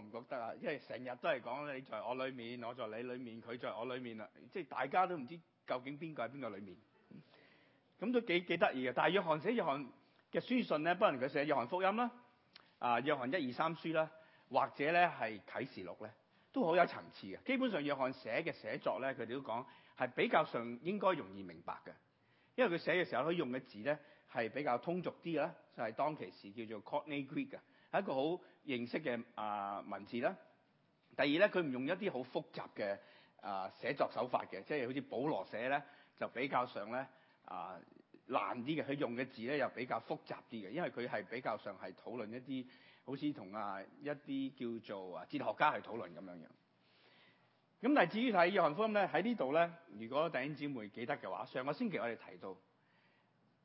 我唔覺得啊？因為成日都係講你在我裡面，我在你裡面，佢在我裡面啦。即係大家都唔知究竟邊個喺邊個裡面。咁、嗯、都幾幾得意嘅。但係約翰寫約翰嘅書信咧，不能佢寫約翰福音啦，啊約翰一二三書啦，或者咧係啟示錄咧，都好有層次嘅。基本上約翰寫嘅寫作咧，佢哋都講係比較上應該容易明白嘅，因為佢寫嘅時候可以用嘅字咧係比較通俗啲嘅啦，就係、是、當其時叫做 Koine Greek。係一個好認識嘅啊文字啦。第二咧，佢唔用一啲好複雜嘅啊寫作手法嘅，即係好似保羅寫咧就比較上咧啊難啲嘅，佢用嘅字咧又比較複雜啲嘅，因為佢係比較上係討論一啲好似同啊一啲叫做啊哲學家去討論咁樣樣。咁但係至於睇《約翰福音》咧喺呢度咧，如果弟兄姊妹記得嘅話，上個星期我哋提到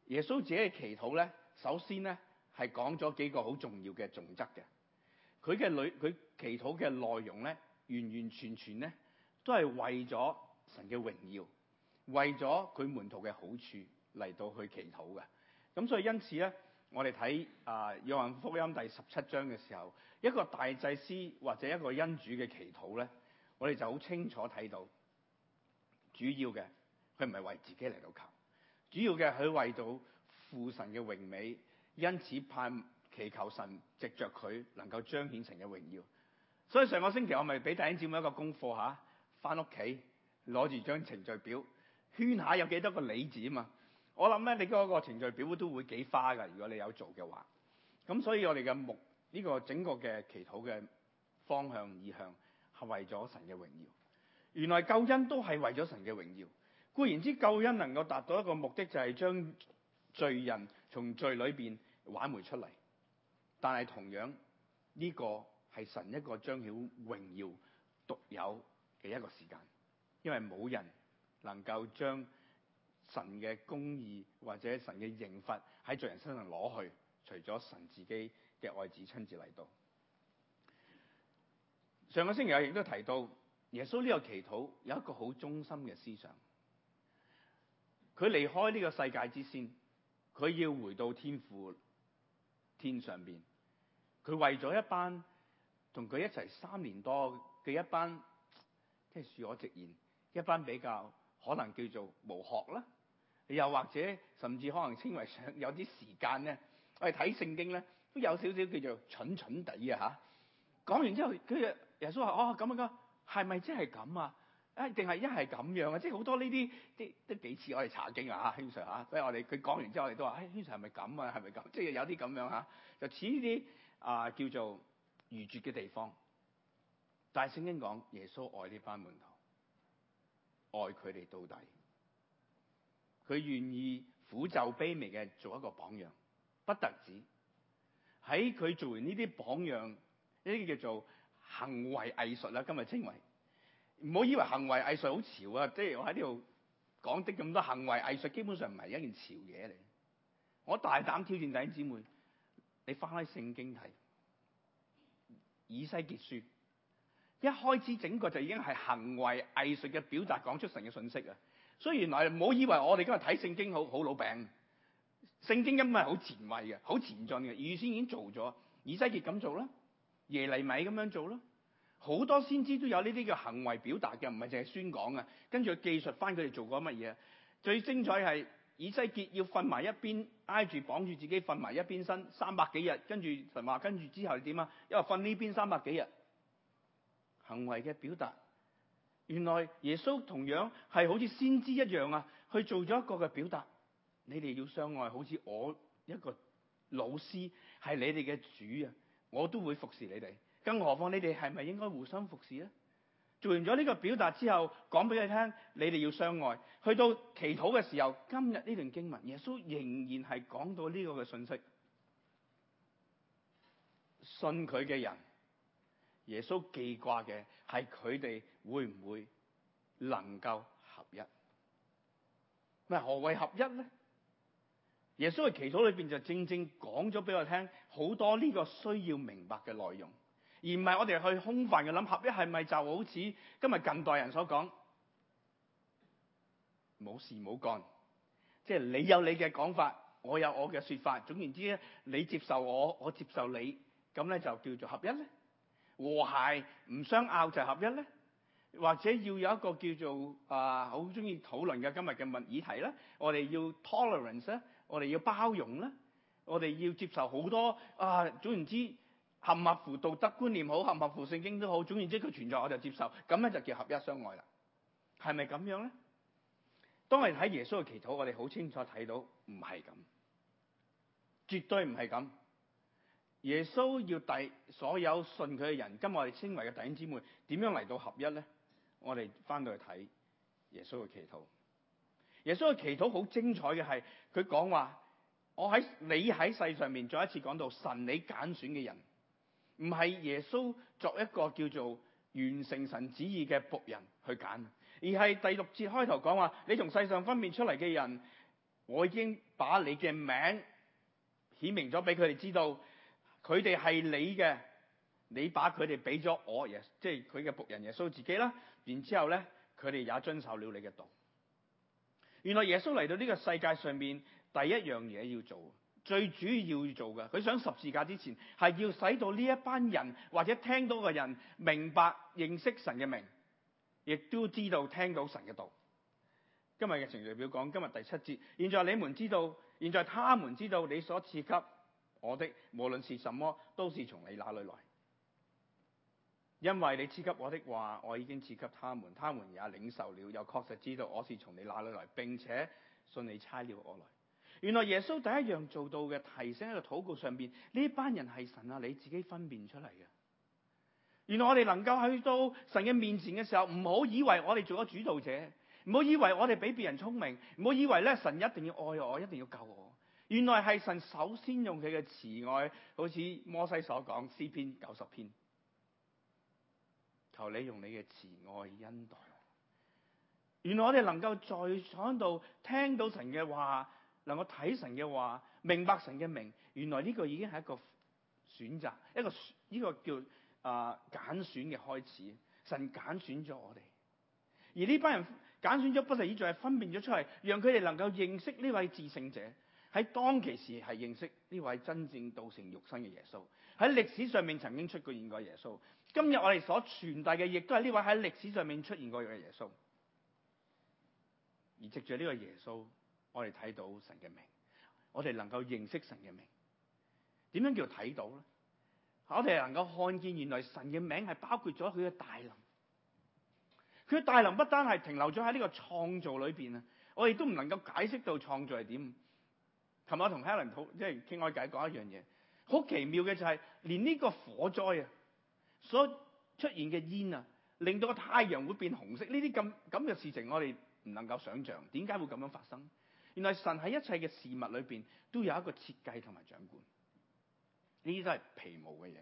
耶穌自己嘅祈禱咧，首先咧。係講咗幾個好重要嘅總則嘅，佢嘅裏佢祈禱嘅內容咧，完完全全咧都係為咗神嘅榮耀，為咗佢門徒嘅好處嚟到去祈禱嘅。咁、嗯、所以因此咧，我哋睇啊《約翰福音》第十七章嘅時候，一個大祭司或者一個恩主嘅祈禱咧，我哋就好清楚睇到主要嘅佢唔係為自己嚟到求，主要嘅佢為到父神嘅榮美。因此盼祈求神藉著佢能夠彰顯神嘅榮耀。所以上個星期我咪俾弟兄姊妹一個功課吓，翻屋企攞住張程序表圈下有幾多個李字啊嘛。我諗咧，你嗰個程序表都會幾花噶。如果你有做嘅話，咁所以我哋嘅目呢個整個嘅祈禱嘅方向意向係為咗神嘅榮耀。原來救恩都係為咗神嘅榮耀。固然之救恩能夠達到一個目的，就係將罪人從罪裏邊。挽回出嚟，但係同樣呢、這個係神一個彰顯榮耀獨有嘅一個時間，因為冇人能夠將神嘅公義或者神嘅刑罰喺罪人身上攞去，除咗神自己嘅愛子親自嚟到。上個星期我亦都提到，耶穌呢個祈禱有一個好忠心嘅思想，佢離開呢個世界之先，佢要回到天父。天上邊，佢為咗一班同佢一齊三年多嘅一班，即係恕我直言，一班比較可能叫做無學啦，又或者甚至可能稱為上有啲時間咧，我哋睇聖經咧都有少少叫做蠢蠢哋啊吓。講完之後，跟住耶穌話：哦咁樣噶，係咪真係咁啊？是啊，定係一係咁樣啊，即係好多呢啲，即係都幾似我哋查經啊，兄長啊，所以我哋佢講完之後我，我哋都話：哎，兄長係咪咁啊？係咪咁？即係有啲咁樣啊？就似呢啲啊，叫做愚拙嘅地方。但係聖經講耶穌愛呢班門徒，愛佢哋到底，佢願意苦就卑微嘅做一個榜樣，不特止喺佢做完呢啲榜樣，呢啲叫做行為藝術啦，今日稱為。唔好以為行為藝術好潮啊！即係我喺呢度講的咁多行為藝術，基本上唔係一件潮嘢嚟。我大膽挑戰弟兄姊妹，你翻開聖經睇，以西結書，一開始整個就已經係行為藝術嘅表達，講出神嘅信息啊！所以原來唔好以為我哋今日睇聖經好好老餅，聖經根本係好前衞嘅、好前進嘅，預先已經做咗，以西結咁做啦，耶利米咁樣做啦。好多先知都有呢啲嘅行為表達嘅，唔係淨係宣講啊。跟住佢記述返佢哋做過乜嘢。最精彩係以西結要瞓埋一邊，挨住綁住自己瞓埋一邊身三百幾日，跟住神話跟住之後點啊？因為瞓呢邊三百幾日行為嘅表達。原來耶穌同樣係好似先知一樣啊，去做咗一個嘅表達，你哋要相愛。好似我一個老師係你哋嘅主啊，我都會服侍你哋。更何況你哋係咪應該互相服侍咧？做完咗呢個表達之後，講俾佢聽，你哋要相愛。去到祈禱嘅時候，今日呢段經文，耶穌仍然係講到呢個嘅信息。信佢嘅人，耶穌記掛嘅係佢哋會唔會能夠合一？咪何謂合一咧？耶穌嘅祈禱裏邊就正正講咗俾我聽好多呢個需要明白嘅內容。而唔係我哋去空泛嘅諗合一，係咪就好似今日近代人所講冇事冇幹。即係你有你嘅講法，我有我嘅說法，總言之咧，你接受我，我接受你，咁咧就叫做合一咧，和諧唔相拗就係合一咧，或者要有一個叫做啊好中意討論嘅今日嘅問議題咧，我哋要 tolerance 咧，我哋要包容咧，我哋要接受好多啊，總言之。合唔合乎道德觀念好，合唔合乎聖經都好，總然之佢存在我就接受，咁咧就叫合一相愛啦。係咪咁樣咧？當我哋睇耶穌嘅祈禱，我哋好清楚睇到唔係咁，絕對唔係咁。耶穌要第所有信佢嘅人，今我哋稱為嘅弟兄姊妹，點樣嚟到合一咧？我哋翻到去睇耶穌嘅祈禱。耶穌嘅祈禱好精彩嘅係，佢講話我喺你喺世上面再一次講到神你揀選嘅人。唔係耶穌作一個叫做完成神旨意嘅僕人去揀，而係第六節開頭講話：你從世上分辨出嚟嘅人，我已經把你嘅名顯明咗俾佢哋知道，佢哋係你嘅，你把佢哋俾咗我，耶，即係佢嘅僕人耶穌自己啦。然之後咧，佢哋也遵守了你嘅道。原來耶穌嚟到呢個世界上面，第一樣嘢要做。最主要要做嘅，佢想十字架之前，係要使到呢一班人或者聽到嘅人明白認識神嘅名，亦都知道聽到神嘅道。今日嘅程序表講今日第七節。現在你們知道，現在他們知道你所賜給我的，無論是什麼，都是從你那裏來，因為你賜給我的話，我已經賜給他們，他們也領受了，又確實知道我是從你那裏來，並且信你差了我來。原來耶穌第一樣做到嘅，提醒喺個禱告上邊呢班人係神啊！你自己分辨出嚟嘅。原來我哋能夠去到神嘅面前嘅時候，唔好以為我哋做咗主導者，唔好以為我哋比別人聰明，唔好以為咧神一定要愛我，一定要救我。原來係神首先用佢嘅慈愛，好似摩西所講詩篇九十篇，求你用你嘅慈愛恩待我。原來我哋能夠在響度聽到神嘅話。能夠睇神嘅話，明白神嘅名，原來呢個已經係一個選擇，一個呢、這個叫啊揀、呃、選嘅開始。神揀選咗我哋，而呢班人揀選咗，不就意係分辨咗出嚟，讓佢哋能夠認識呢位至聖者。喺當其時係認識呢位真正道成肉身嘅耶穌。喺歷史上面曾經出過現過耶穌。今日我哋所傳遞嘅亦都係呢位喺歷史上面出現過嘅耶穌。而藉住呢個耶穌。我哋睇到神嘅名，我哋能夠認識神嘅名。點樣叫睇到咧？我哋能夠看見原來神嘅名係包括咗佢嘅大能。佢嘅大能不單係停留咗喺呢個創造裏邊啊！我哋都唔能夠解釋到創造係點。琴日同 Helen 好即係傾開偈，講一樣嘢，好奇妙嘅就係連呢個火災啊，所出現嘅煙啊，令到個太陽會變紅色，呢啲咁咁嘅事情我哋唔能夠想象，點解會咁樣發生？原來神喺一切嘅事物裏邊都有一個設計同埋掌管，呢啲都係皮毛嘅嘢。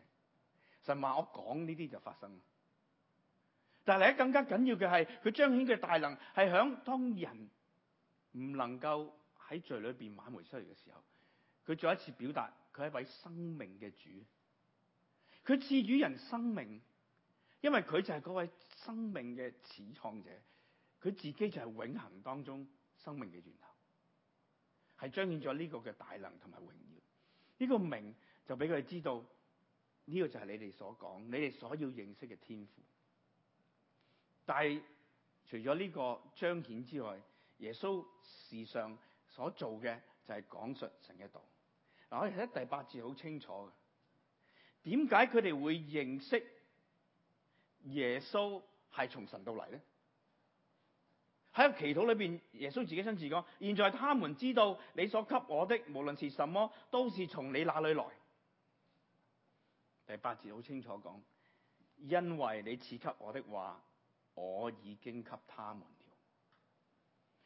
神話我講呢啲就發生，但係另得更加緊要嘅係，佢彰顯嘅大能係響當人唔能夠喺罪裏邊挽回出嚟嘅時候，佢再一次表達佢係一位生命嘅主，佢賜予人生命，因為佢就係嗰位生命嘅始創者，佢自己就係永恆當中生命嘅源頭。係彰顯咗呢個嘅大能同埋榮耀，呢、這個名就俾佢哋知道，呢、這個就係你哋所講，你哋所要認識嘅天父。但係除咗呢個彰顯之外，耶穌事上所做嘅就係講述神嘅道。嗱，我哋睇第八節好清楚嘅，點解佢哋會認識耶穌係從神到嚟咧？喺個祈禱裏邊，耶穌自己親自講：現在他們知道你所給我的，無論是什麼，都是從你那裏來。第八節好清楚講，因為你賜給我的話，我已經給他們了。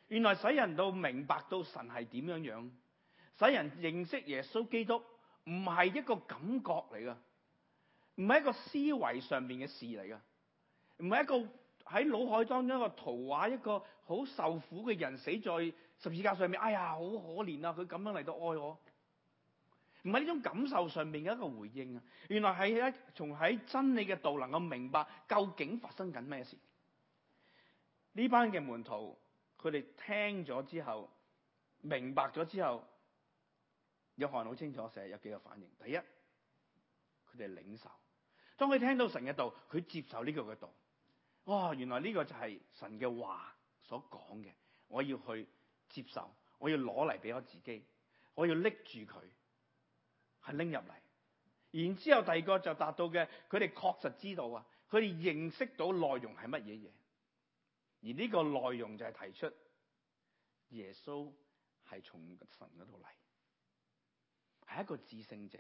原來使人都明白到神係點樣樣，使人認識耶穌基督，唔係一個感覺嚟噶，唔係一個思維上面嘅事嚟噶，唔係一個。喺腦海當中一個圖畫，一個好受苦嘅人死在十字架上面，哎呀，好可憐啊！佢咁樣嚟到愛我，唔係呢種感受上面嘅一個回應啊！原來係一從喺真理嘅道能夠明白究竟發生緊咩事。呢班嘅門徒，佢哋聽咗之後，明白咗之後，約翰好清楚成日有幾個反應。第一，佢哋領受，當佢聽到神嘅道，佢接受呢個嘅道。哇、哦！原來呢個就係神嘅話所講嘅，我要去接受，我要攞嚟俾我自己，我要拎住佢，係拎入嚟。然之後第二個就達到嘅，佢哋確實知道啊，佢哋認識到內容係乜嘢嘢。而呢個內容就係提出耶穌係從神嗰度嚟，係一個至聖者，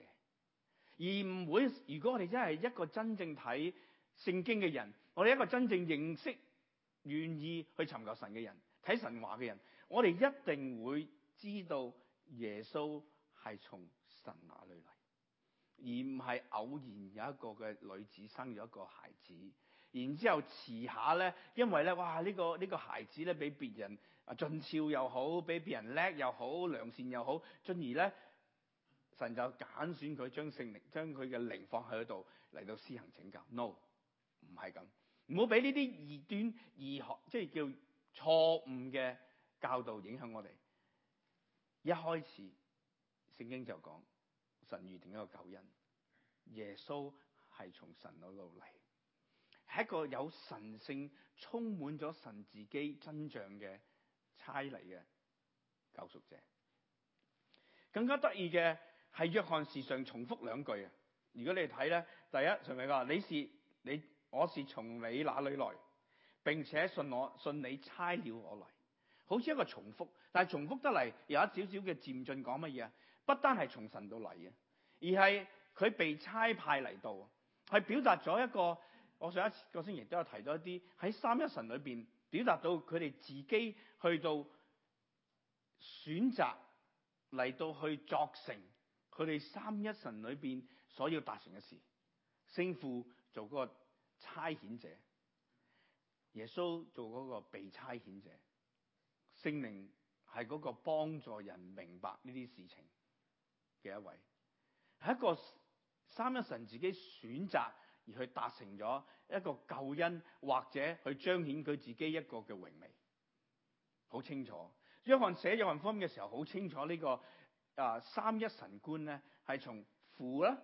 而唔會。如果我哋真係一個真正睇聖經嘅人，我哋一個真正認識、願意去尋求神嘅人，睇神話嘅人，我哋一定會知道耶穌係從神那裏嚟，而唔係偶然有一個嘅女子生咗一個孩子，然之後遲下呢，因為呢哇呢、呢個呢、呢個孩子咧比別人啊俊俏又好，比別人叻又好，良善又好，進而呢，神就揀選佢，將聖靈將佢嘅靈放喺度嚟到施行拯救。No。唔係咁，唔好俾呢啲異端異學，即、就、係、是、叫錯誤嘅教導影響我哋。一開始聖經就講神預定一個救恩，耶穌係從神嗰度嚟，係一個有神性、充滿咗神自己真像嘅差嚟嘅救贖者。更加得意嘅係約翰時常重複兩句啊！如果你哋睇咧，第一，上面話你是你。我是從你那裡來，並且信我，信你差了我來，好似一個重複，但係重複得嚟有一少少嘅漸進。講乜嘢？不單係從神到嚟嘅，而係佢被差派嚟到，係表達咗一個。我上一次個星期都有提到一啲喺三一神裏面表達到佢哋自己去到選擇嚟到去作成佢哋三一神裏面所要達成嘅事，聖父做嗰、那個差遣者，耶穌做嗰個被差遣者，聖靈係嗰個幫助人明白呢啲事情嘅一位，係一個三一神自己選擇而去達成咗一個救恩，或者去彰顯佢自己一個嘅榮美，好清楚。約翰寫約翰福音嘅時候，好清楚呢個啊三一神觀咧，係從父啦。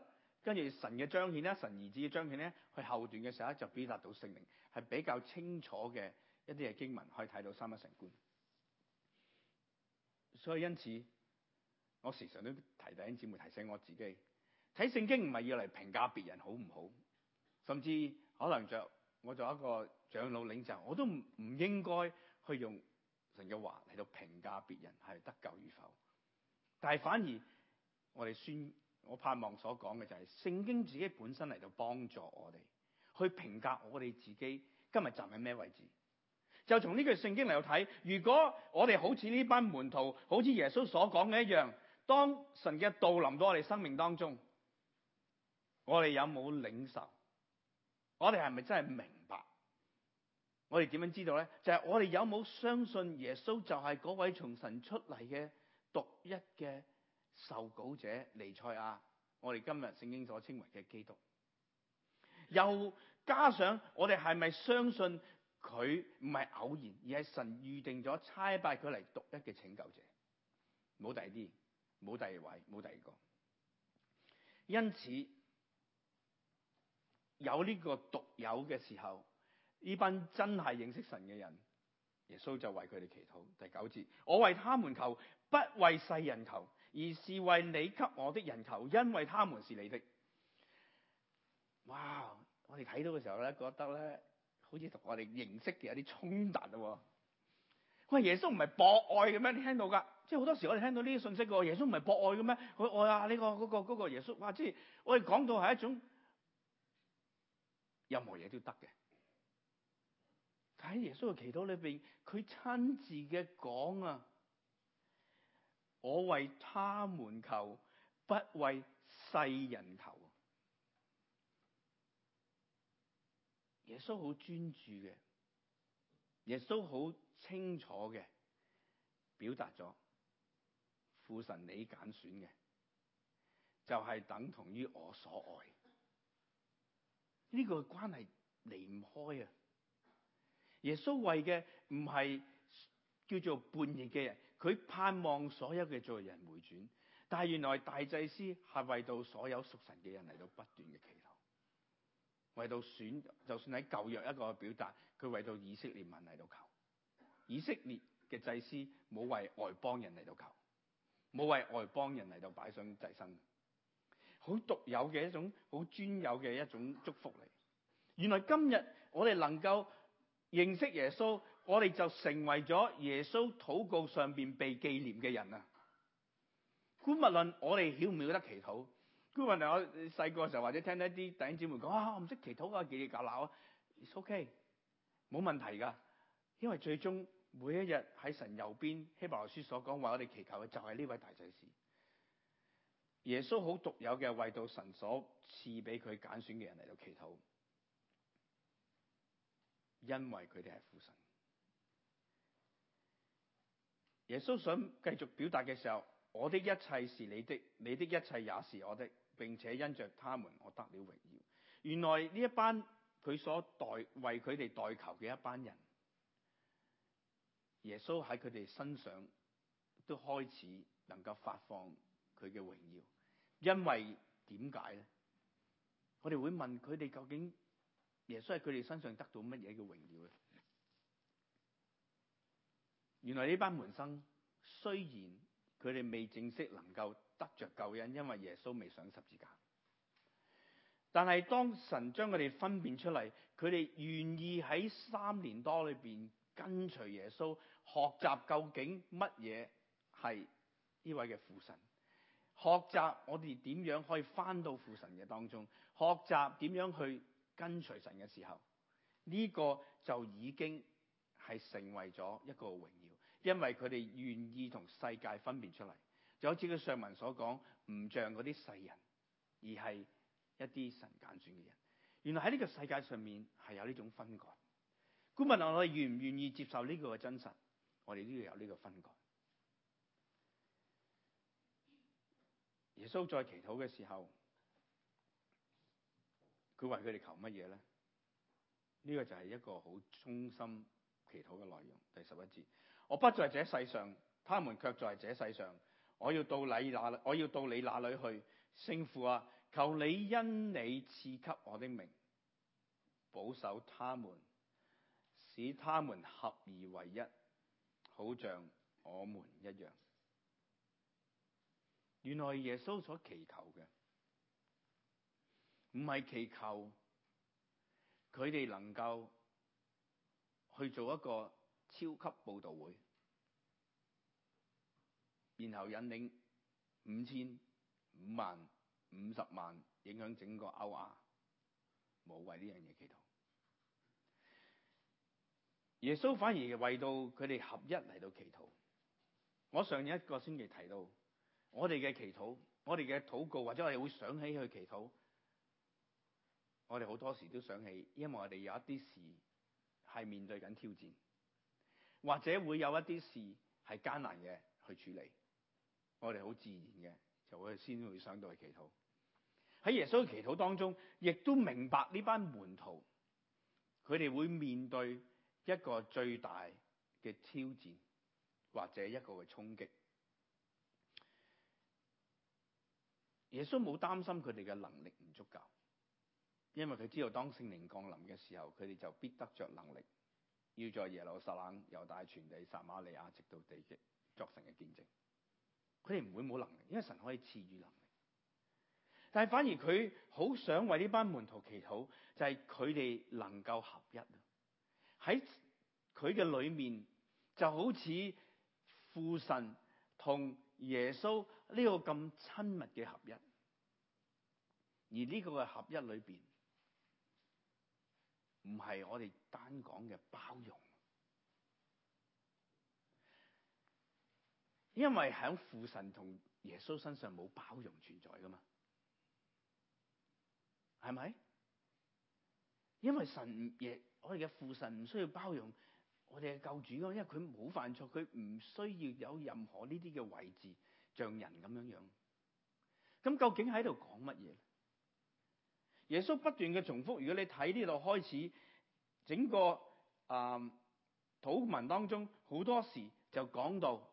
跟住神嘅彰顯咧，神兒子嘅彰顯咧，去後段嘅時候就表達到聖靈，係比較清楚嘅一啲嘅經文，可以睇到三一神觀。所以因此，我時常都提弟兄姊妹提醒我自己，睇聖經唔係要嚟評價別人好唔好，甚至可能就我作為一個長老領袖，我都唔應該去用神嘅話嚟到評價別人係得救與否。但係反而我哋宣我盼望所講嘅就係聖經自己本身嚟到幫助我哋去評價我哋自己今日站喺咩位置。就從呢句聖經嚟到睇，如果我哋好似呢班門徒，好似耶穌所講嘅一樣，當神嘅道臨到我哋生命當中，我哋有冇領受？我哋係咪真係明白？我哋點樣知道呢？就係我哋有冇相信耶穌就係嗰位從神出嚟嘅獨一嘅？受稿者尼賽亞，我哋今日聖經所稱為嘅基督，又加上我哋係咪相信佢唔係偶然，而係神預定咗差派佢嚟獨一嘅拯救者，冇第二，冇第二位，冇第二個。因此有呢個獨有嘅時候，呢班真係認識神嘅人，耶穌就為佢哋祈禱。第九節：我為他們求，不為世人求。而是為你給我的人求，因為他們是你的。哇、wow！我哋睇到嘅時候咧，覺得咧，好似同我哋認識嘅有啲衝突咯。喂，耶穌唔係博愛嘅咩？你聽到噶即係好多時我哋聽到呢啲信息嘅，耶穌唔係博愛嘅咩？我愛啊，呢個、嗰個、嗰個耶穌。哇！即係我哋講到係一種任何嘢都得嘅。喺耶穌嘅祈禱裏邊，佢親自嘅講啊。我為他們求，不為世人求。耶穌好專注嘅，耶穌好清楚嘅，表達咗父神你揀選嘅，就係、是、等同於我所愛。呢、這個關係離唔開啊！耶穌為嘅唔係叫做叛逆嘅人。佢盼望所有嘅罪人回轉，但係原來大祭司係為到所有屬神嘅人嚟到不斷嘅祈禱，為到選，就算喺舊約一個表達，佢為到以色列民嚟到求，以色列嘅祭司冇為外邦人嚟到求，冇為外邦人嚟到擺上祭牲，好獨有嘅一種好專有嘅一種祝福嚟。原來今日我哋能夠認識耶穌。我哋就成為咗耶穌禱告上邊被紀念嘅人啊！無論，我哋曉唔曉得祈禱？無論，我細個時候或者聽到一啲弟兄姊妹講啊、哦，我唔識祈禱噶，叫你搞鬧啊！OK 冇問題噶，因為最終每一日喺神右邊，希伯來書所講話，我哋祈求嘅就係呢位大祭司。耶穌好獨有嘅，為到神所賜俾佢揀選嘅人嚟到祈禱，因為佢哋係父神。耶穌想繼續表達嘅時候，我的一切是你的，你的一切也是我的，並且因着他們我得了榮耀。原來呢一班佢所代為佢哋代求嘅一班人，耶穌喺佢哋身上都開始能夠發放佢嘅榮耀。因為點解咧？我哋會問佢哋，究竟耶穌喺佢哋身上得到乜嘢嘅榮耀咧？原來呢班門生雖然佢哋未正式能夠得着救恩，因為耶穌未上十字架。但係當神將佢哋分辨出嚟，佢哋願意喺三年多裏邊跟隨耶穌，學習究竟乜嘢係呢位嘅父神，學習我哋點樣可以翻到父神嘅當中，學習點樣去跟隨神嘅時候，呢個就已經係成為咗一個榮耀。因為佢哋願意同世界分別出嚟，就好似佢上文所講，唔像嗰啲世人，而係一啲神揀選嘅人。原來喺呢個世界上面係有呢種分割。故問啊，我哋願唔願意接受呢個嘅真實？我哋都要有呢個分割。耶穌在祈禱嘅時候，佢為佢哋求乜嘢咧？呢、這個就係一個好衷心祈禱嘅內容，第十一節。我不在這世上，他們卻在這世上。我要到你那裏，我要到你那裏去，聖父啊，求你因你賜給我的名，保守他們，使他們合而為一，好像我們一樣。原來耶穌所祈求嘅，唔係祈求佢哋能夠去做一個。超級報道會，然後引領五千五萬五十萬，影響整個歐亞，冇為呢樣嘢祈禱。耶穌反而為到佢哋合一嚟到祈禱。我上一個星期提到，我哋嘅祈禱，我哋嘅禱告，或者我哋會想起去祈禱。我哋好多時都想起，因為我哋有一啲事係面對緊挑戰。或者會有一啲事係艱難嘅去處理，我哋好自然嘅就會先會想到去祈禱。喺耶穌嘅祈禱當中，亦都明白呢班門徒佢哋會面對一個最大嘅挑戰，或者一個嘅衝擊。耶穌冇擔心佢哋嘅能力唔足夠，因為佢知道當聖靈降臨嘅時候，佢哋就必得着能力。要在耶路撒冷、猶太全地、撒瑪利亞，直到地極，作成嘅見證。佢哋唔會冇能力，因為神可以賜予能力。但係反而佢好想為呢班門徒祈禱，就係佢哋能夠合一。喺佢嘅裏面，就好似父神同耶穌呢個咁親密嘅合一。而呢個嘅合一裏邊。唔係我哋單講嘅包容，因為喺父神同耶穌身上冇包容存在噶嘛，係咪？因為神亦我哋嘅父神唔需要包容我哋嘅救主，因為佢冇犯錯，佢唔需要有任何呢啲嘅位置，像人咁樣樣。咁究竟喺度講乜嘢？耶穌不斷嘅重複，如果你睇呢度開始，整個啊禱、嗯、文當中好多時就講到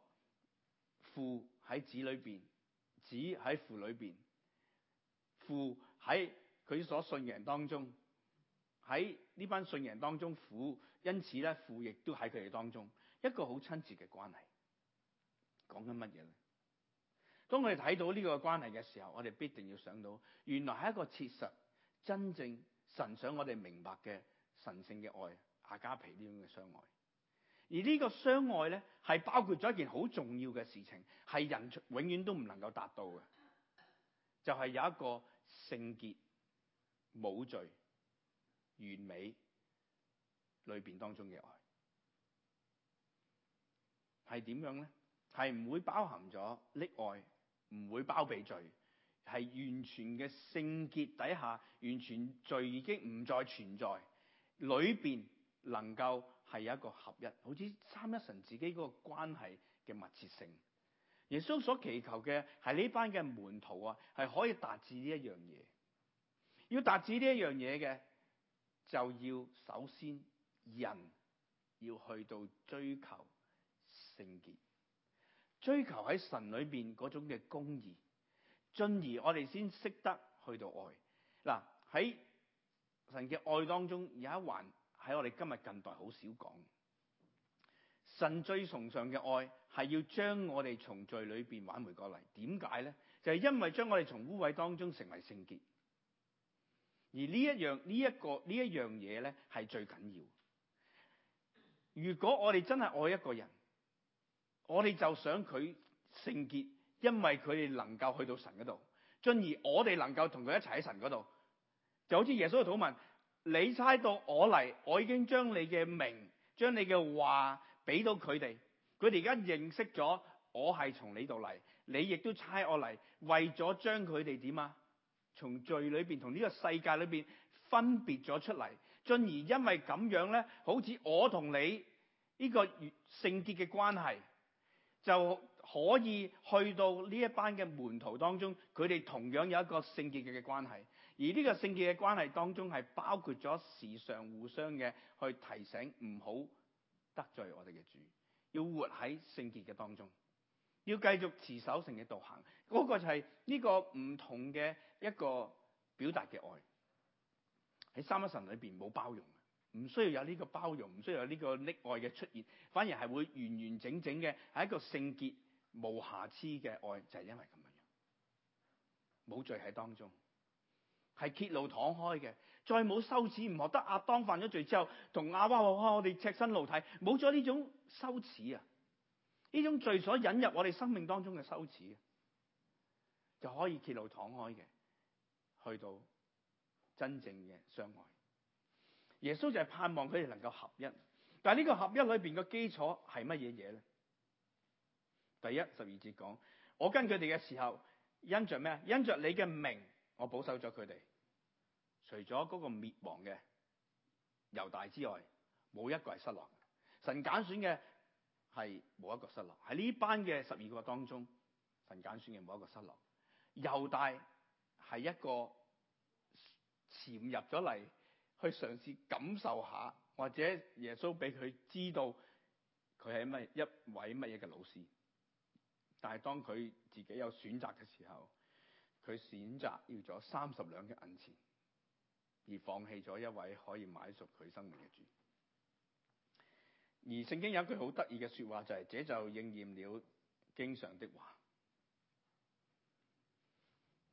父喺子裏邊，子喺父裏邊，父喺佢所信人當中，喺呢班信人當中，父因此咧父亦都喺佢哋當中，一個好親切嘅關係。講緊乜嘢咧？當我哋睇到呢個關係嘅時候，我哋必定要想到，原來係一個切實。真正神想我哋明白嘅神聖嘅愛，阿加皮呢種嘅相愛，而呢個相愛咧，係包括咗一件好重要嘅事情，係人永遠都唔能夠達到嘅，就係有一個聖潔、冇罪、完美裏邊當中嘅愛，係點樣咧？係唔會包含咗溺愛，唔會包庇罪。係完全嘅聖潔底下，完全罪已經唔再存在。裏邊能夠係有一個合一，好似三一神自己嗰個關係嘅密切性。耶穌所祈求嘅係呢班嘅門徒啊，係可以達至呢一樣嘢。要達至呢一樣嘢嘅，就要首先人要去到追求聖潔，追求喺神裏邊嗰種嘅公義。進而我哋先識得去到愛嗱。喺神嘅愛當中有一環喺我哋今日近代好少講，神最崇尚嘅愛係要將我哋從罪裏邊挽回過嚟，點解呢？就係、是、因為將我哋從污穢當中成為聖潔。而呢一樣呢一個呢一樣嘢呢係最緊要，如果我哋真係愛一個人，我哋就想佢聖潔。因為佢哋能夠去到神嗰度，進而我哋能夠同佢一齊喺神嗰度，就好似耶穌嘅禱文，你差到我嚟，我已經將你嘅名，將你嘅話俾到佢哋，佢哋而家認識咗我係從你度嚟，你亦都差我嚟，為咗將佢哋點啊？從罪裏邊，同呢個世界裏邊分別咗出嚟，進而因為咁樣呢，好似我同你呢個聖潔嘅關係就。可以去到呢一班嘅門徒當中，佢哋同樣有一個聖潔嘅嘅關係，而呢個聖潔嘅關係當中係包括咗時常互相嘅去提醒，唔好得罪我哋嘅主，要活喺聖潔嘅當中，要繼續持守聖嘅道行，嗰、那個就係呢個唔同嘅一個表達嘅愛喺三一神裏邊冇包容，唔需要有呢個包容，唔需要有呢個溺愛嘅出現，反而係會完完整整嘅係一個聖潔。無瑕疵嘅愛就係因為咁樣，冇罪喺當中，係揭露敞開嘅，再冇羞恥，唔學得阿當犯咗罪之後，同阿娃話我哋赤身露體，冇咗呢種羞恥啊！呢種罪所引入我哋生命當中嘅羞恥，就可以揭露敞開嘅，去到真正嘅相愛。耶穌就係盼望佢哋能夠合一，但係呢個合一裏邊嘅基礎係乜嘢嘢咧？第一十二節講，我跟佢哋嘅時候，因着咩啊？因着你嘅名，我保守咗佢哋，除咗嗰個滅亡嘅猶大之外，冇一個係失落。神揀選嘅係冇一個失落，喺呢班嘅十二個當中，神揀選嘅冇一個失落。猶大係一個潛入咗嚟去嘗試感受一下，或者耶穌俾佢知道佢係乜一位乜嘢嘅老師。但係，當佢自己有選擇嘅時候，佢選擇要咗三十兩嘅銀錢，而放棄咗一位可以買贖佢生命嘅主。而聖經有一句好得意嘅説話，就係：這就應驗了經上的話。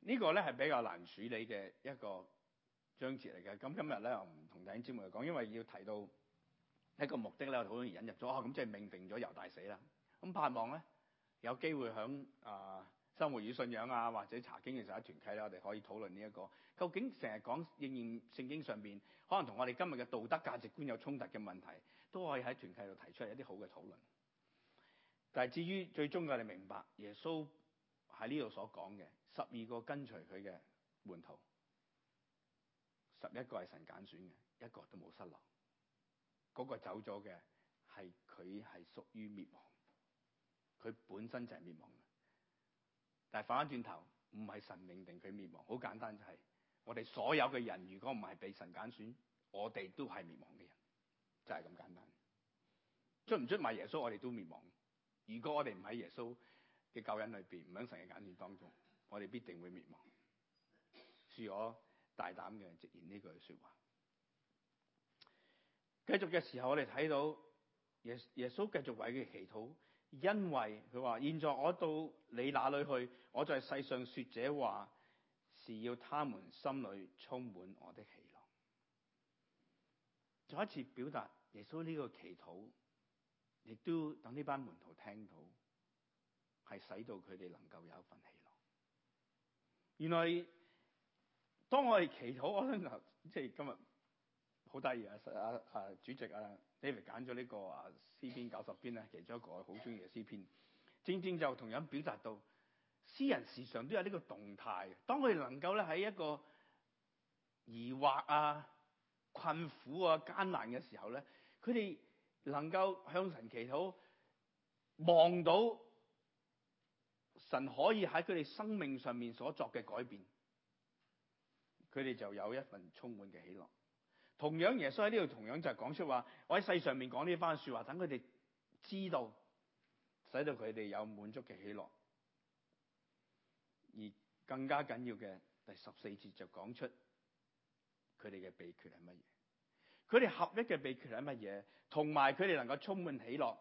呢個咧係比較難處理嘅一個章節嚟嘅。咁今日咧，我唔同弟兄姊妹講，因為要提到一個目的咧，我好容易引入咗啊。咁即係命定咗猶大死啦。咁盼望咧，有機會喺啊、呃、生活與信仰啊，或者查經嘅時候喺團契啦，我哋可以討論呢一個究竟成日講應驗聖經上邊，可能同我哋今日嘅道德價值觀有衝突嘅問題，都可以喺團契度提出一啲好嘅討論。但係至於最終嘅，你明白耶穌喺呢度所講嘅，十二個跟隨佢嘅門徒，十一個係神揀選嘅，一個都冇失落。嗰、那個走咗嘅係佢係屬於滅亡。佢本身就係滅亡嘅，但係反翻轉頭，唔係神命定佢滅亡，好簡單就係我哋所有嘅人，如果唔係被神揀選，我哋都係滅亡嘅人，就係咁簡單。出唔出賣耶穌，我哋都滅亡。如果我哋唔喺耶穌嘅救人裏邊，唔喺神嘅揀選當中，我哋必定會滅亡。恕我大膽嘅直言呢句說話。繼續嘅時候，我哋睇到耶耶穌繼續為佢祈禱。因為佢話，現在我到你那裏去，我在世上說這話是要他們心裏充滿我的喜樂。再一次表達耶穌呢個祈禱，亦都等呢班門徒聽到，係使到佢哋能夠有一份喜樂。原來當我哋祈禱，我諗就即係今日。好得意啊！啊啊主席啊，David 揀咗呢個啊詩篇九十篇咧，其中一個我好鍾意嘅詩篇，正正就同樣表達到詩人時常都有呢個動態，當佢哋能夠咧喺一個疑惑啊、困苦啊、艱難嘅時候咧，佢哋能夠向神祈禱，望到神可以喺佢哋生命上面所作嘅改變，佢哋就有一份充滿嘅喜樂。同樣耶穌喺呢度同樣就係講出話，我喺世上面講呢番說話，等佢哋知道，使到佢哋有滿足嘅喜樂。而更加緊要嘅第十四節就講出佢哋嘅秘訣係乜嘢？佢哋合一嘅秘訣係乜嘢？同埋佢哋能夠充滿喜樂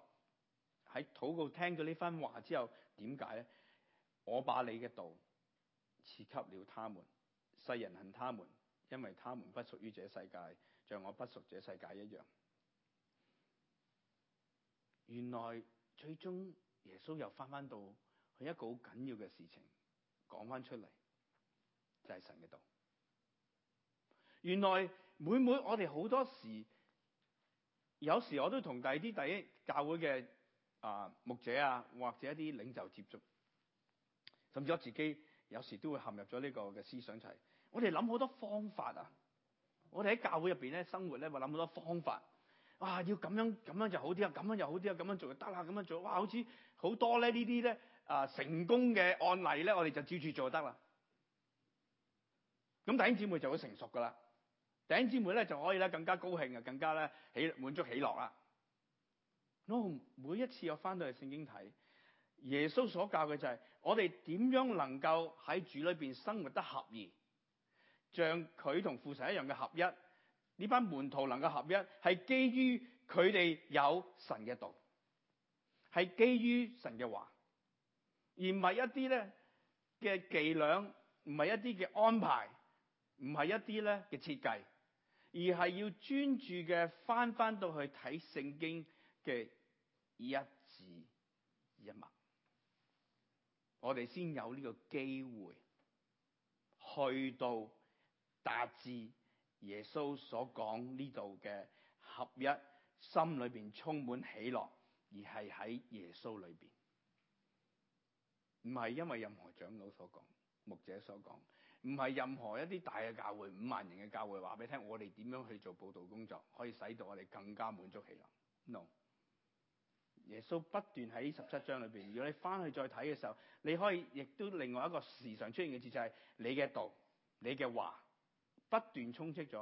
喺禱告聽到呢番話之後，點解咧？我把你嘅道賜給了他們，世人恨他們，因為他們不屬於這世界。像我不熟這世界一樣，原來最終耶穌又翻翻到去一個好緊要嘅事情講翻出嚟，就係神嘅道。原來每每我哋好多時，有時我都同第二啲第一教會嘅啊牧者啊，或者一啲領袖接觸，甚至我自己有時都會陷入咗呢個嘅思想就係，我哋諗好多方法啊。我哋喺教會入邊咧生活咧，會諗好多方法，哇、啊！要咁樣咁樣就好啲啊，咁樣就好啲啊，咁樣做就得啦，咁樣做哇！好似好多咧呢啲咧啊成功嘅案例咧，我哋就照住做就得啦。咁弟兄姊妹就會成熟噶啦，弟兄姊妹咧就可以咧更加高興啊，更加咧喜滿足喜樂啦。嗱，每一次我翻到去聖經睇，耶穌所教嘅就係、是、我哋點樣能夠喺主裏邊生活得合宜。像佢同父神一樣嘅合一，呢班門徒能嘅合一，係基於佢哋有神嘅道，係基於神嘅話，而唔係一啲咧嘅伎倆，唔係一啲嘅安排，唔係一啲咧嘅設計，而係要專注嘅翻翻到去睇聖經嘅一字一物，我哋先有呢個機會去到達至耶穌所講呢度嘅合一，心裏邊充滿喜樂，而係喺耶穌裏邊，唔係因為任何長老所講、牧者所講，唔係任何一啲大嘅教會五萬人嘅教會話俾你聽我哋點樣去做佈道工作，可以使到我哋更加滿足喜樂。no，耶穌不斷喺十七章裏邊，如果你翻去再睇嘅時候，你可以亦都另外一個時常出現嘅字就係、是、你嘅道、你嘅話。不斷充斥咗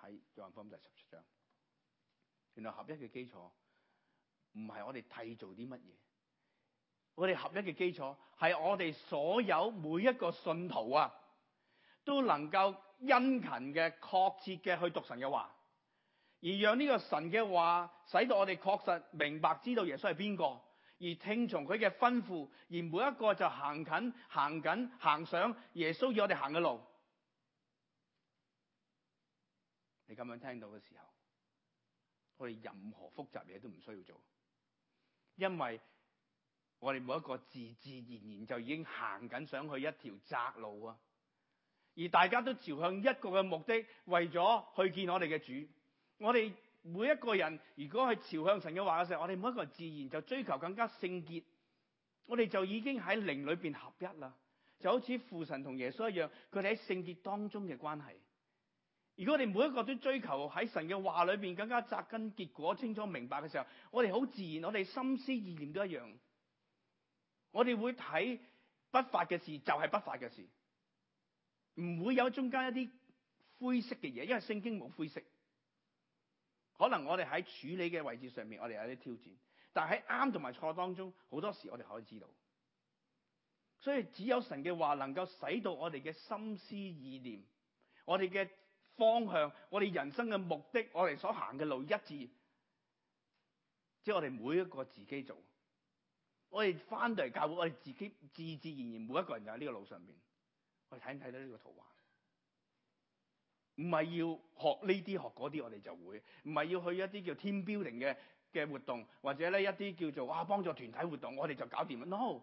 喺《約翰福音》第十七章，原來合一嘅基礎唔係我哋替做啲乜嘢，我哋合一嘅基礎係我哋所有每一個信徒啊，都能夠殷勤嘅確切嘅去讀神嘅話，而讓呢個神嘅話使到我哋確實明白知道耶穌係邊個，而聽從佢嘅吩咐，而每一個就行緊行緊行上耶穌要我哋行嘅路。你咁樣聽到嘅時候，我哋任何複雜嘢都唔需要做，因為我哋每一個自自然然就已經行緊上去一條窄路啊！而大家都朝向一個嘅目的，為咗去見我哋嘅主。我哋每一個人如果係朝向神嘅話嘅時候，我哋每一個自然就追求更加聖潔。我哋就已經喺靈裏面合一啦，就好似父神同耶穌一樣，佢哋喺聖潔當中嘅關係。如果我哋每一個都追求喺神嘅話裏邊更加扎根結果清楚明白嘅時候，我哋好自然，我哋心思意念都一樣。我哋會睇不法嘅事就係不法嘅事，唔會有中間一啲灰色嘅嘢，因為聖經冇灰色。可能我哋喺處理嘅位置上面，我哋有啲挑戰，但係喺啱同埋錯當中，好多時我哋可以知道。所以只有神嘅話能夠使到我哋嘅心思意念，我哋嘅方向，我哋人生嘅目的，我哋所行嘅路一致，即係我哋每一個自己做。我哋翻到嚟教會，我哋自己自自然然，每一個人就喺呢個路上面。我哋睇唔睇到呢個圖畫？唔係要學呢啲學嗰啲，我哋就會；唔係要去一啲叫 team building 嘅嘅活動，或者咧一啲叫做啊幫助團體活動，我哋就搞掂。no，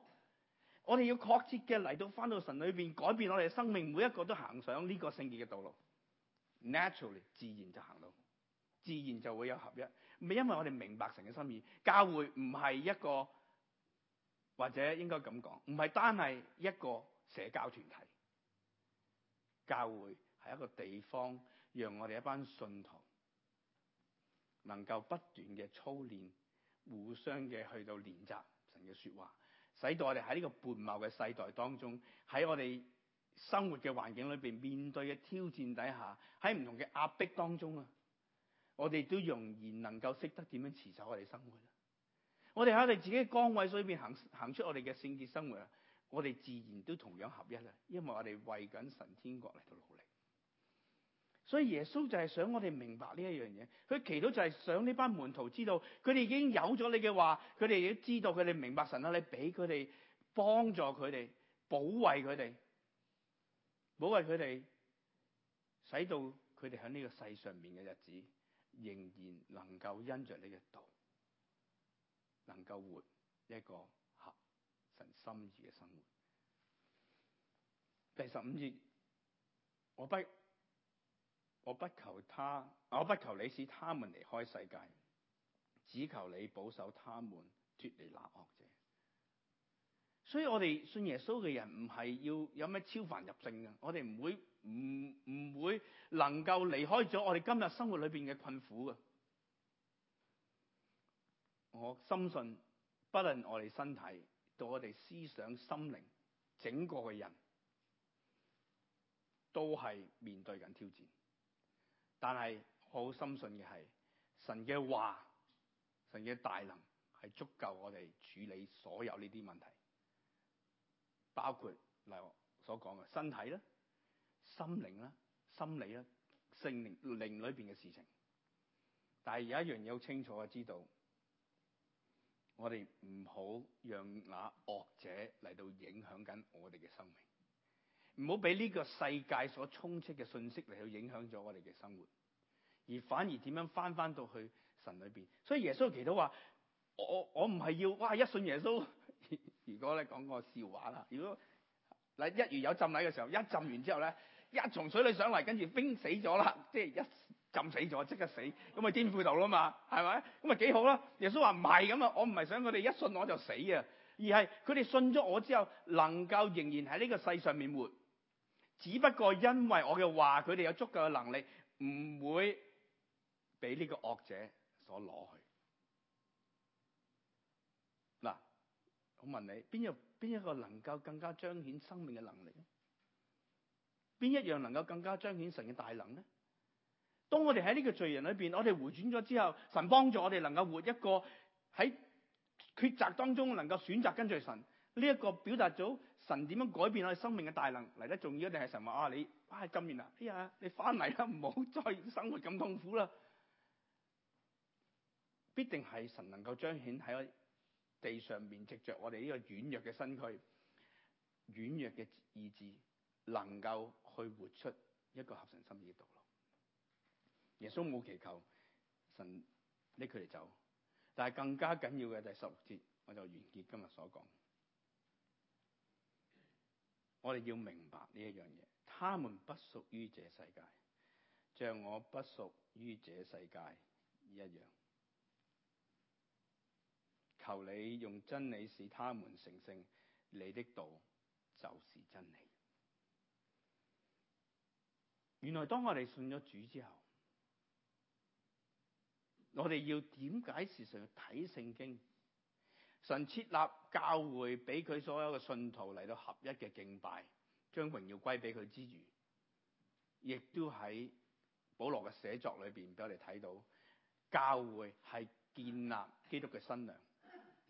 我哋要確切嘅嚟到翻到神裏邊改變我哋嘅生命，每一個都行上呢個聖潔嘅道路。Naturally, 自然就行到，自然就會有合一。唔係因為我哋明白神嘅心意，教會唔係一個，或者應該咁講，唔係單係一個社交團體。教會係一個地方，讓我哋一班信徒能夠不斷嘅操練，互相嘅去到練習神嘅説話，使到我哋喺呢個悖謬嘅世代當中，喺我哋生活嘅環境裏邊，面對嘅挑戰底下，喺唔同嘅壓迫當中啊，我哋都仍然能夠識得點樣持守我哋生活啦。我哋喺我哋自己嘅崗位裏邊行行出我哋嘅聖潔生活，我哋自，自然都同樣合一啦。因為我哋為緊神天國嚟到努力，所以耶穌就係想我哋明白呢一樣嘢。佢祈禱就係想呢班門徒知道，佢哋已經有咗你嘅話，佢哋亦知道佢哋明白神啊，你俾佢哋幫助佢哋，保衛佢哋。唔好為佢哋，使到佢哋喺呢個世上面嘅日子，仍然能夠因着你嘅道，能夠活一個合神心意嘅生活。第十五節，我不，我不求他，我不求你使他們離開世界，只求你保守他們脫離那惡。所以我哋信耶穌嘅人唔係要有咩超凡入聖嘅，我哋唔會唔唔會能夠離開咗我哋今日生活裏邊嘅困苦嘅。我深信，不論我哋身體，到我哋思想、心靈，整個嘅人，都係面對緊挑戰。但係好深信嘅係，神嘅話，神嘅大能係足夠我哋處理所有呢啲問題。包括我所講嘅身體啦、心靈啦、心理啦、性靈靈裏邊嘅事情，但係有一樣嘢好清楚嘅，我知道我哋唔好讓那惡者嚟到影響緊我哋嘅生命，唔好俾呢個世界所充斥嘅信息嚟到影響咗我哋嘅生活，而反而點樣翻翻到去神裏邊。所以耶穌祈禱話：我我唔係要哇一信耶穌。如果你講個笑話啦，如果嗱一如有浸禮嘅時候，一浸完之後咧，一從水裏上嚟，跟住冰死咗啦，即係一浸死咗即刻死，咁咪顛覆到啦嘛，係咪？咁咪幾好啦？耶穌話唔係咁啊，我唔係想佢哋一信我就死啊，而係佢哋信咗我之後，能夠仍然喺呢個世上面活，只不過因為我嘅話，佢哋有足夠嘅能力，唔會俾呢個惡者所攞去。我問你，邊一邊一個能夠更加彰顯生命嘅能力咧？邊一樣能夠更加彰顯神嘅大能咧？當我哋喺呢個罪人裏邊，我哋回轉咗之後，神幫助我哋能夠活一個喺抉擇當中能夠選擇跟隨神呢一個，表達咗神點樣改變我哋生命嘅大能嚟得重要是，一定係神話啊你啊浸完啦，哎呀你翻嚟啦，唔好再生活咁痛苦啦，必定係神能夠彰顯喺。地上面藉着我哋呢個軟弱嘅身軀、軟弱嘅意志，能夠去活出一個合神心意嘅道路。耶穌冇祈求神拎佢哋走，但係更加緊要嘅第十六節，我就完結今日所講。我哋要明白呢一樣嘢，他們不屬於這世界，像我不屬於這世界一樣。求你用真理使他們成聖，你的道就是真理。原來當我哋信咗主之後，我哋要點解時常要睇聖經？神設立教會俾佢所有嘅信徒嚟到合一嘅敬拜，將榮耀歸俾佢之餘，亦都喺保羅嘅寫作裏邊俾我哋睇到，教會係建立基督嘅新娘。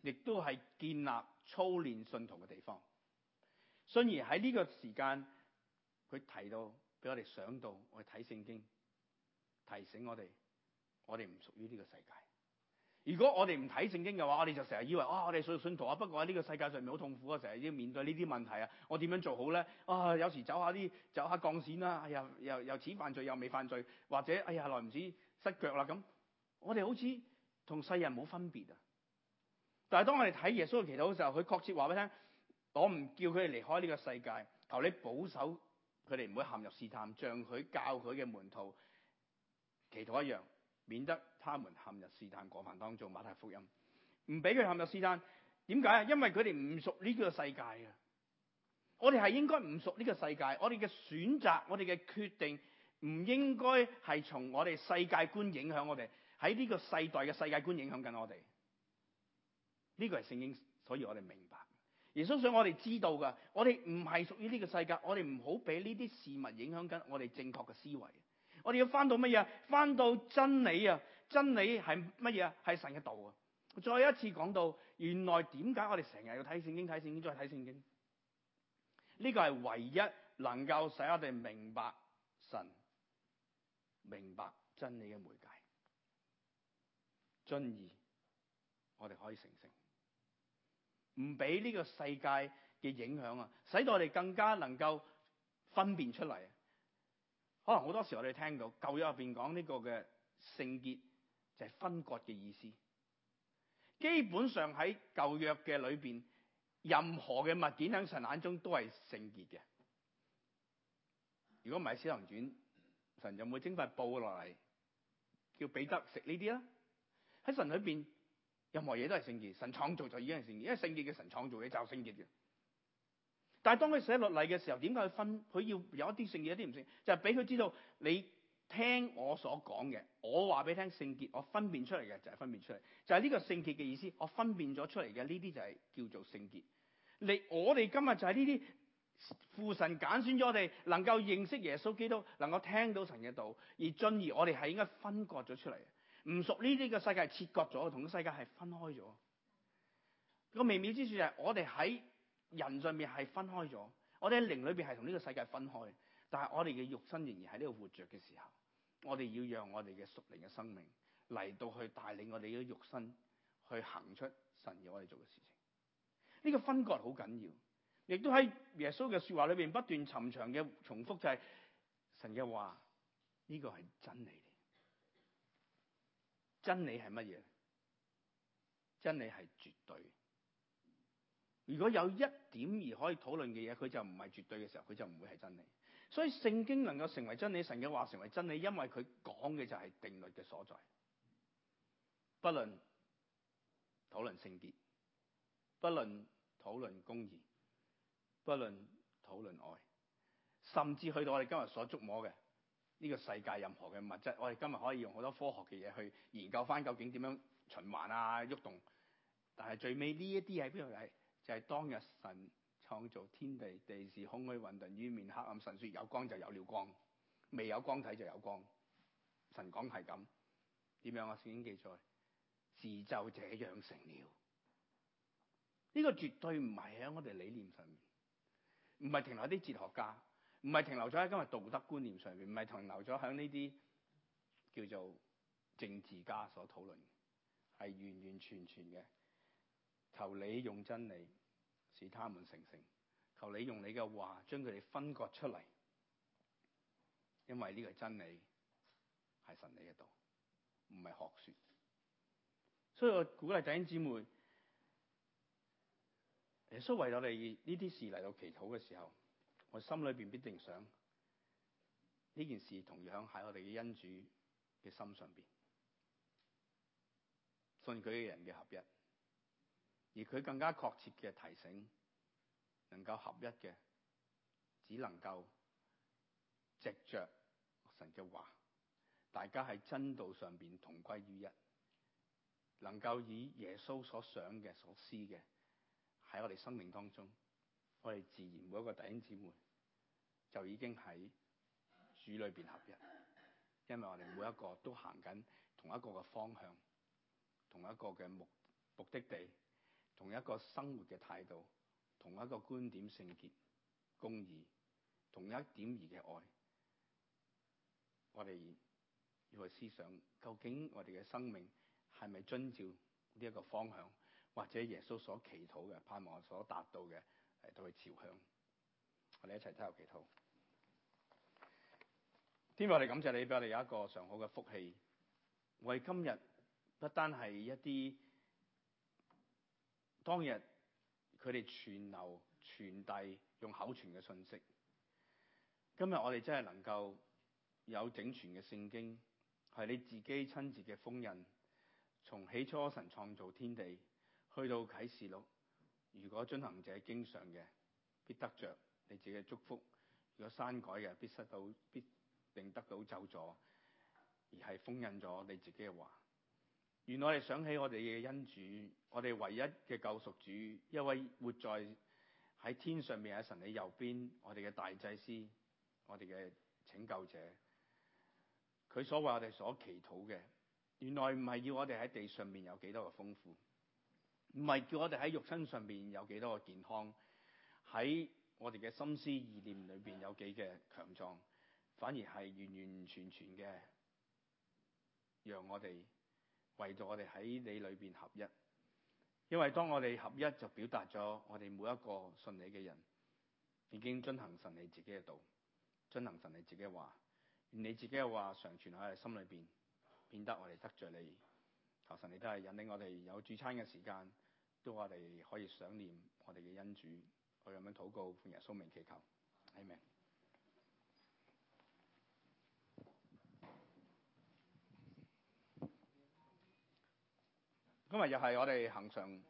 亦都係建立操練信徒嘅地方，雖然喺呢個時間，佢提到俾我哋想到，我哋睇聖經提醒我哋，我哋唔屬於呢個世界。如果我哋唔睇聖經嘅話，我哋就成日以為啊、哦，我哋做信徒啊，不過喺呢個世界上面好痛苦啊，成日要面對呢啲問題啊，我點樣做好咧？啊、哦，有時走下啲走下鋼線啦，又又又似犯罪又未犯罪，或者哎呀，來唔止失腳啦咁，我哋好似同世人冇分別啊！但係當我哋睇耶穌嘅祈禱嘅時候，佢確切話俾你聽：我唔叫佢哋離開呢個世界，求你保守佢哋唔會陷入試探，像佢教佢嘅門徒祈禱一樣，免得他們陷入試探過犯當中馬太福音，唔俾佢陷入試探。點解啊？因為佢哋唔屬呢個世界嘅。我哋係應該唔屬呢個世界。我哋嘅選擇、我哋嘅決定，唔應該係從我哋世界觀影響我哋，喺呢個世代嘅世界觀影響緊我哋。呢個係聖經，所以我哋明白。耶穌想我哋知道噶，我哋唔係屬於呢個世界，我哋唔好俾呢啲事物影響緊我哋正確嘅思維。我哋要翻到乜嘢啊？翻到真理啊！真理係乜嘢啊？係神嘅道啊！再一次講到，原來點解我哋成日要睇聖經、睇聖經、再睇聖經？呢個係唯一能夠使我哋明白神、明白真理嘅媒介，進而我哋可以成聖。唔俾呢個世界嘅影響啊，使到我哋更加能夠分辨出嚟。可能好多時我哋聽到舊約入邊講呢個嘅聖潔，就係、是、分割嘅意思。基本上喺舊約嘅裏邊，任何嘅物件喺神眼中都係聖潔嘅。如果唔係《使徒行傳》，神就冇整一塊布落嚟，叫彼得食呢啲啦。喺神裏邊。任何嘢都係聖潔，神創造就已經係聖潔，因為聖潔嘅神創造嘢就係聖潔嘅。但係當佢寫落嚟嘅時候，點解佢分？佢要有一啲聖潔，一啲唔聖，就係俾佢知道你聽我所講嘅，我話俾你聽聖潔，我分辨出嚟嘅就係分辨出嚟，就係、是、呢個聖潔嘅意思。我分辨咗出嚟嘅呢啲就係叫做聖潔。你我哋今日就係呢啲父神揀選咗我哋，能夠認識耶穌基督，能夠聽到神嘅道，而進而我哋係應該分割咗出嚟，唔熟呢啲嘅世界切割咗，同個世界係分開咗。個微妙之處係我哋喺人上面係分開咗，我哋喺靈裏邊係同呢個世界分開，但係我哋嘅肉身仍然喺呢度活着嘅時候，我哋要讓我哋嘅屬靈嘅生命嚟，到去帶領我哋嘅肉身去行出神要我哋做嘅事情。呢、這個分割好緊要，亦都喺耶穌嘅說話裏邊不斷尋長嘅重複就係、是、神嘅話，呢、這個係真理嚟。真理係乜嘢？真理係絕對。如果有一點而可以討論嘅嘢，佢就唔係絕對嘅時候，佢就唔會係真理。所以聖經能夠成為真理，神嘅話成為真理，因為佢講嘅就係定律嘅所在。不論討論聖潔，不論討論公義，不論討論愛，甚至去到我哋今日所觸摸嘅。呢、個世界任何嘅物質，我哋今日可以用好多科學嘅嘢去研究翻究竟點樣循環啊、喐動。但係最尾呢一啲喺邊度嚟？就係當日神創造天地，地是空虛混沌，淵面黑暗。神說：有光就有了光，未有光體就有光。神講係咁，點樣啊？《聖經》記載，事就這樣成了。呢、個絕對唔係喺我哋理念上面，唔係停留喺啲哲學家。唔係停留咗喺今日道德觀念上面，唔係停留咗響呢啲叫做政治家所討論，係完完全全嘅，求你用真理使他們成聖，求你用你嘅話將佢哋分割出嚟，因為呢個係真理，係神理嘅道，唔係學說。所以我鼓勵弟兄姊妹，耶穌為我哋呢啲事嚟到祈禱嘅時候。我心裏邊必定想呢件事同樣喺我哋嘅恩主嘅心上邊，信佢嘅人嘅合一，而佢更加確切嘅提醒，能夠合一嘅，只能夠藉着神嘅話，大家喺真道上面同歸於一，能夠以耶穌所想嘅所思嘅喺我哋生命當中。我哋自然每一個弟兄姊妹就已經喺主裏邊合一，因為我哋每一個都行緊同一個嘅方向，同一個嘅目目的地，同一個生活嘅態度，同一個觀點、聖潔、公義，同一點二嘅愛。我哋要去思想，究竟我哋嘅生命係咪遵照呢一個方向，或者耶穌所祈禱嘅、盼望所達到嘅？嚟到去朝向，我哋一齊睇下。祈禱。天父，我哋感謝你，俾我哋有一個上好嘅福氣，為今日不單係一啲當日佢哋傳流傳遞用口傳嘅信息，今日我哋真係能夠有整全嘅聖經，係你自己親自嘅封印，從起初神創造天地去到啟示錄。如果遵行者經常嘅，必得着你自己嘅祝福；如果刪改嘅，必失到必令得到咒詛，而係封印咗你自己嘅話。原來我哋想起我哋嘅恩主，我哋唯一嘅救贖主，一位活在喺天上面嘅神喺右邊，我哋嘅大祭司，我哋嘅拯救者。佢所為我哋所祈禱嘅，原來唔係要我哋喺地上面有幾多個豐富。唔係叫我哋喺肉身上面有幾多個健康，喺我哋嘅心思意念裏邊有幾嘅強壯，反而係完完全全嘅，讓我哋為著我哋喺你裏邊合一。因為當我哋合一，就表達咗我哋每一個信你嘅人已經遵行神你自己嘅道，遵行神你自己嘅話，你自己嘅話常存喺你心裏邊，變得我哋得罪你。阿神，你都係引領我哋有主餐嘅時間，都我哋可以想念我哋嘅恩主，去咁樣禱告、每日聖名祈求，阿們。今日又係我哋行上。